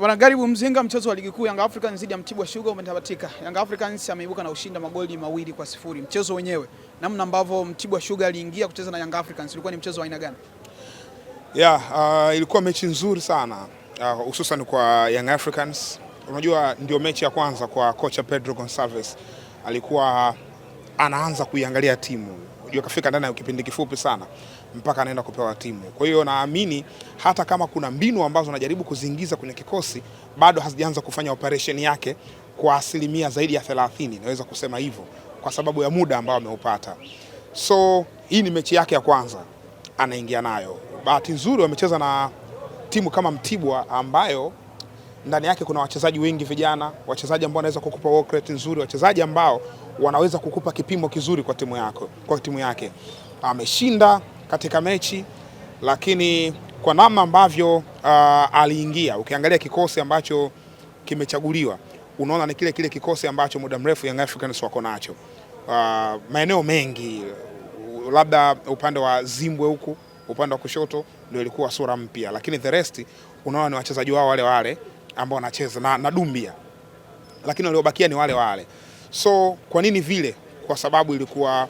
Wanagaribu mzinga mchezo wa ligi kuu Yanga Africans dhidi ya Mtibwa Sugar umetabatika. Young Africans ameibuka na ushindi magoli mawili kwa sifuri. Mchezo wenyewe, namna ambavyo Mtibwa Sugar aliingia kucheza na Yanga Africans ilikuwa ni mchezo wa aina gani? Yeah, uh, ilikuwa mechi nzuri sana uh, hususan uh, kwa Young Africans. Unajua ndio mechi ya kwanza kwa kocha Pedro Gonçalves. Alikuwa anaanza kuiangalia timu. Unajua kafika ndani ya kipindi kifupi sana mpaka anaenda kupewa timu. Kwa hiyo naamini hata kama kuna mbinu ambazo anajaribu kuziingiza kwenye kikosi bado hazijaanza kufanya operation yake kwa asilimia zaidi ya 30, naweza kusema hivyo kwa sababu ya muda ambao ameupata. So hii ni mechi yake ya kwanza anaingia nayo. Bahati nzuri wamecheza na timu kama Mtibwa ambayo ndani yake kuna wachezaji wengi vijana, wachezaji ambao wanaweza kukupa work rate nzuri, wachezaji ambao wanaweza kukupa kipimo kizuri kwa timu yako, kwa timu yake. Ameshinda katika mechi, lakini kwa namna ambavyo uh, aliingia, ukiangalia kikosi ambacho kimechaguliwa unaona ni kile kile kikosi ambacho muda mrefu Young Africans wako nacho uh, maeneo mengi, labda upande wa zimbwe huku upande wa kushoto ndio ilikuwa sura mpya, lakini the rest unaona ni wachezaji wao wale wale ambao wanacheza na, na Dumbia, lakini waliobakia ni wale wale. So kwa nini vile? Kwa sababu ilikuwa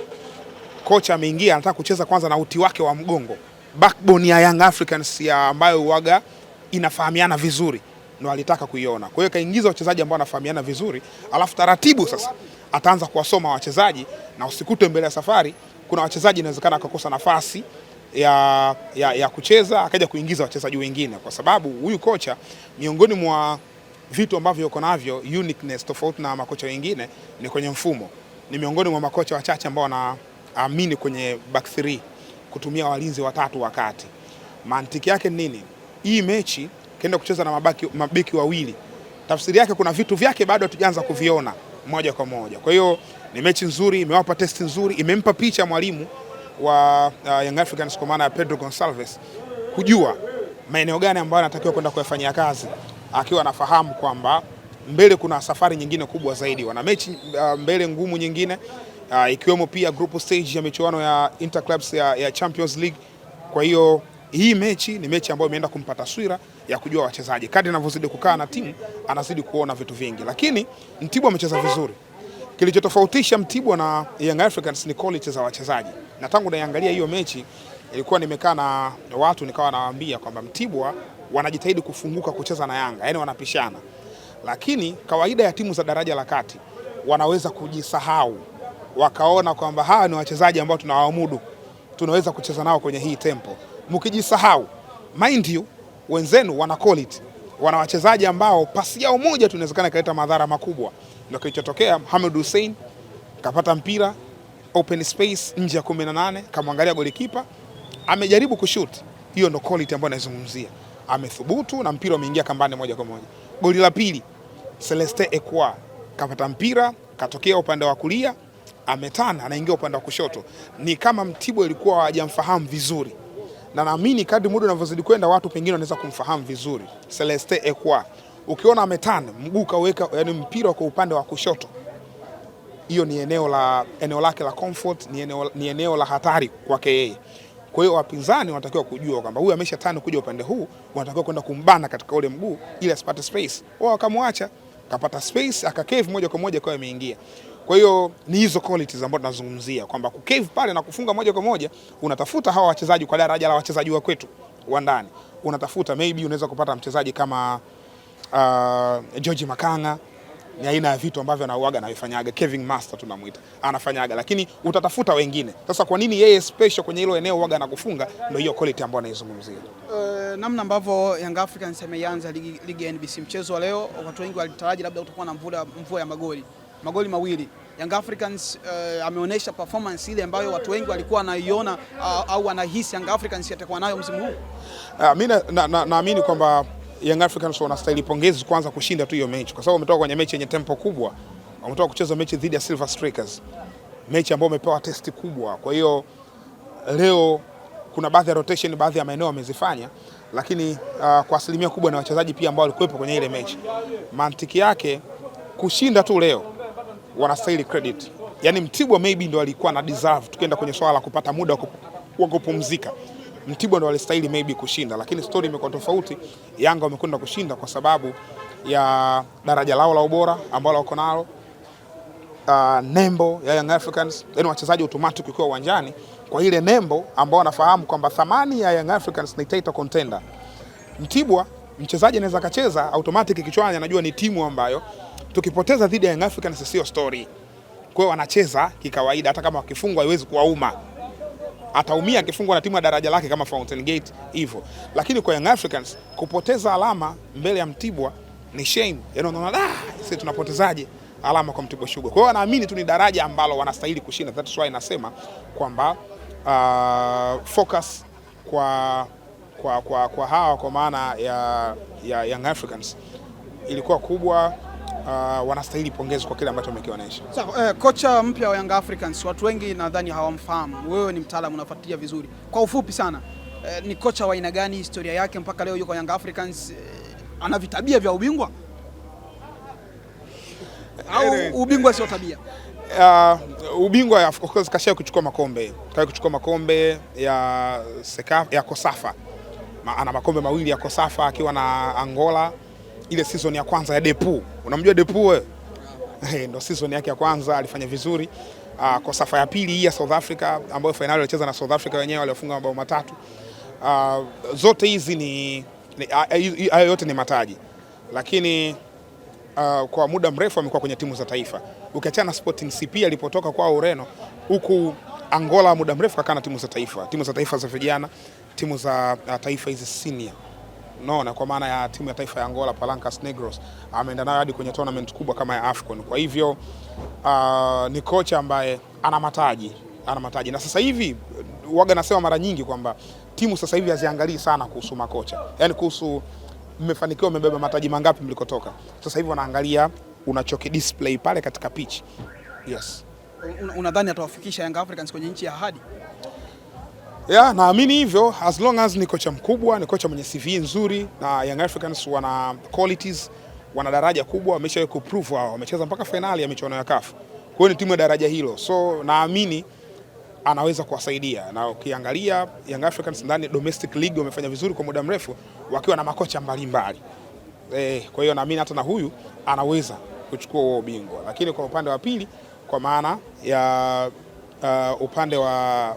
kocha ameingia anataka kucheza kwanza na uti wake wa mgongo, backbone ya Young Africans ya ambayo uaga inafahamiana vizuri ndo alitaka kuiona. Kwa hiyo kaingiza wachezaji ambao wanafahamiana vizuri, alafu taratibu sasa ataanza kuwasoma wachezaji na usikute mbele ya safari kuna wachezaji inawezekana akakosa nafasi ya, ya, ya kucheza akaja kuingiza wachezaji wengine, kwa sababu huyu kocha miongoni mwa vitu ambavyo yuko navyo uniqueness tofauti na makocha wengine ni kwenye mfumo. Ni miongoni mwa makocha wachache ambao wana amini kwenye back three kutumia walinzi watatu wakati. Mantiki yake ni nini? Hii mechi kaenda kucheza na mabaki, mabeki wawili, tafsiri yake kuna vitu vyake bado hatujaanza kuviona moja kwa moja. Kwa hiyo ni mechi nzuri, imewapa test nzuri, imempa picha mwalimu wa uh, Young Africans kwa maana ya Pedro Gonsalves kujua maeneo gani ambayo anatakiwa kwenda kuyafanyia kazi, akiwa anafahamu kwamba mbele kuna safari nyingine kubwa zaidi, wana mechi uh, mbele ngumu nyingine uh, ikiwemo pia group stage ya michuano ya Interclubs ya, ya Champions League. Kwa hiyo hii mechi ni mechi ambayo imeenda kumpa taswira ya kujua wachezaji. Kadri anavyozidi kukaa na timu anazidi kuona vitu vingi, lakini Mtibwa amecheza vizuri. Kilichotofautisha Mtibwa na Young Africans ni quality za wachezaji, na tangu naiangalia hiyo mechi ilikuwa nimekaa na watu nikawa nawaambia kwamba Mtibwa wanajitahidi kufunguka kucheza na Yanga, yani wanapishana, lakini kawaida ya timu za daraja la kati wanaweza kujisahau wakaona kwamba hawa ni wachezaji ambao tunawaamudu, tunaweza kucheza nao kwenye hii tempo. Mkijisahau, mind you, wenzenu wana quality, wana wachezaji ambao pasi yao moja tunawezekana ikaleta madhara makubwa. Ndio kilichotokea. Mohamed Hussein kapata mpira open space nje ya 18, kamwangalia golikipa, amejaribu kushoot. Hiyo ndio quality ambayo anazungumzia, Amethubutu na mpira umeingia kambani moja kwa moja. Goli la pili Celeste Ekwa kapata mpira, katokea upande wa kulia ametana anaingia upande wa kushoto. Ni kama Mtibwa ilikuwa hajamfahamu vizuri, na naamini kadri muda unavyozidi kwenda watu pengine wanaweza kumfahamu vizuri Celeste Ekwa. Ukiona ametana mguu kaweka, yani mpira kwa upande wa kushoto, hiyo ni eneo la eneo lake la comfort, ni eneo, ni eneo la hatari kwake yeye. Kwa hiyo wapinzani wanatakiwa kujua kwamba huyu amesha tano kuja upande huu, wanatakiwa kwenda kumbana katika ule mguu ili asipate space. Wao akamwacha kapata space akakevu moja kwa moja kwa ameingia. Kwa hiyo ni hizo qualities ambazo tunazungumzia kwamba kukave pale na kufunga moja kwa moja, unatafuta hawa wachezaji kwa daraja la wachezaji wa kwetu wa ndani, unatafuta maybe unaweza kupata mchezaji kama uh, George Makanga ni aina ya vitu ambavyo anauaga naifanyaga, Kevin Master tunamuita anafanyaga, lakini utatafuta wengine. Sasa kwa nini yeye special kwenye hilo eneo uaga na kufunga? Ndio hiyo quality ambayo anaizungumzia. Uh, namna ambavyo Young Africans ameianza ligi, ligi ya NBC mchezo wa leo, watu wengi walitaraji labda utakuwa na mvua ya magoli magoli mawili. Young Africans uh, ameonyesha performance ile ambayo watu wengi walikuwa wanaiona uh, au wanahisi Young Africans yatakuwa nayo msimu huu. Uh, ah, mimi naamini na, na, kwamba Young Africans wanastahili pongezi kwanza kushinda tu hiyo mechi, kwa sababu wametoka kwenye mechi yenye tempo kubwa, wametoka kucheza mechi dhidi ya Silver Strikers, mechi ambayo wamepewa testi kubwa. Kwa hiyo leo kuna baadhi ya rotation, baadhi ya maeneo wamezifanya, lakini uh, kwa asilimia kubwa na wachezaji pia ambao walikuwepo kwenye ile mechi, mantiki yake kushinda tu leo wanastahili credit. Yaani Mtibwa maybe ndo alikuwa na deserve, tukienda kwenye swala la kupata muda wa kupumzika Mtibwa ndo alistahili maybe kushinda, lakini story imekuwa tofauti. Yanga wamekwenda kushinda kwa sababu ya daraja lao la ubora ambalo wako nalo, uh, nembo ya Young Africans, yani wachezaji automatic ukiwa uwanjani kwa ile nembo ambao wanafahamu kwamba thamani ya Young Africans ni title contender. Mtibwa mchezaji anaweza akacheza automatic kichwani, anajua ni timu ambayo Tukipoteza dhidi ya Young Africans sio story. Kwa hiyo wanacheza kikawaida, hata kama wakifungwa haiwezi kuwauma, ataumia akifungwa na timu ya daraja lake kama Fountain Gate hivyo. Lakini kwa Young Africans kupoteza alama mbele ya Mtibwa ni shame, yaani unaona da, ah, sisi tunapotezaje alama kwa Mtibwa Sugar. Kwa hiyo wanaamini tu ni daraja ambalo wanastahili kushinda. That's why nasema kwamba uh, focus kwa kwa, kwa, kwa hawa kwa maana ya, ya Young Africans ilikuwa kubwa uh, wanastahili pongezi kwa kile ambacho wamekionyesha. Sawa, eh, kocha mpya wa Young Africans watu wengi nadhani hawamfahamu. Wewe ni mtaalamu unafuatilia vizuri. Kwa ufupi sana, eh, ni kocha wa aina gani, historia yake mpaka leo yuko Young Africans, eh, ana vitabia vya ubingwa au eh, ubingwa sio tabia? Uh, ubingwa of course kashia kuchukua makombe kai kuchukua makombe ya Sekafa, ya Kosafa. Ma, ana makombe mawili ya Kosafa akiwa na Angola ile season ya kwanza ya Depu. Unamjua Depu eh? Hey, ndo season yake ya kwanza alifanya vizuri. Uh, kwa safa ya pili hii ya South Africa ambayo finali alicheza na South Africa wenyewe waliofunga mabao matatu. Uh, zote hizi ni ah, hayo yote ni mataji, lakini uh, kwa muda mrefu amekuwa kwenye timu za taifa, ukiachana na Sporting CP alipotoka kwa Ureno huku Angola, muda mrefu kakaa na timu za taifa, timu za taifa za vijana, timu za taifa hizi senior unaona, kwa maana ya timu ya taifa ya Angola Palancas Negros, ameenda nayo hadi kwenye tournament kubwa kama ya Afcon. Kwa hivyo uh, ni kocha ambaye ana mataji ana mataji, na sasa hivi waga nasema mara nyingi kwamba timu sasa hivi haziangalii sana kuhusu makocha, yaani kuhusu mmefanikiwa, mmebeba mataji mangapi mlikotoka. Sasa hivi wanaangalia display pale katika pitch. Yes. Unadhani atawafikisha Young Africans kwenye nchi ya ahadi? Yeah, naamini hivyo as long as ni kocha mkubwa, ni kocha mwenye CV nzuri na Young Africans wana qualities, wana daraja kubwa, ku prove wao, wamecheza mpaka fainali ya michuano ya CAF. Kwa hiyo ni timu ya daraja hilo. So naamini anaweza kuwasaidia. Na ukiangalia Young Africans ndani domestic league wamefanya vizuri kwa muda mrefu wakiwa na makocha mbalimbali. Eh, kwa hiyo naamini hata na huyu anaweza kuchukua huo ubingwa. Lakini kwa upande wa pili kwa maana ya uh, upande wa,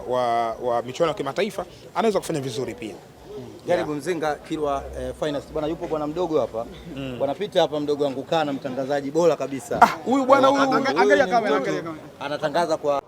wa, wa michuano ya kimataifa anaweza kufanya vizuri pia. Mm. Jaribu yeah. Mzinga Kilwa eh, finance bwana, yupo bwana mdogo hapa mm. Wanapita hapa mdogo wangu kana mtangazaji bora kabisa ah, huyu ah, bwana huyu, angalia kamera, angalia kamera, anatangaza kwa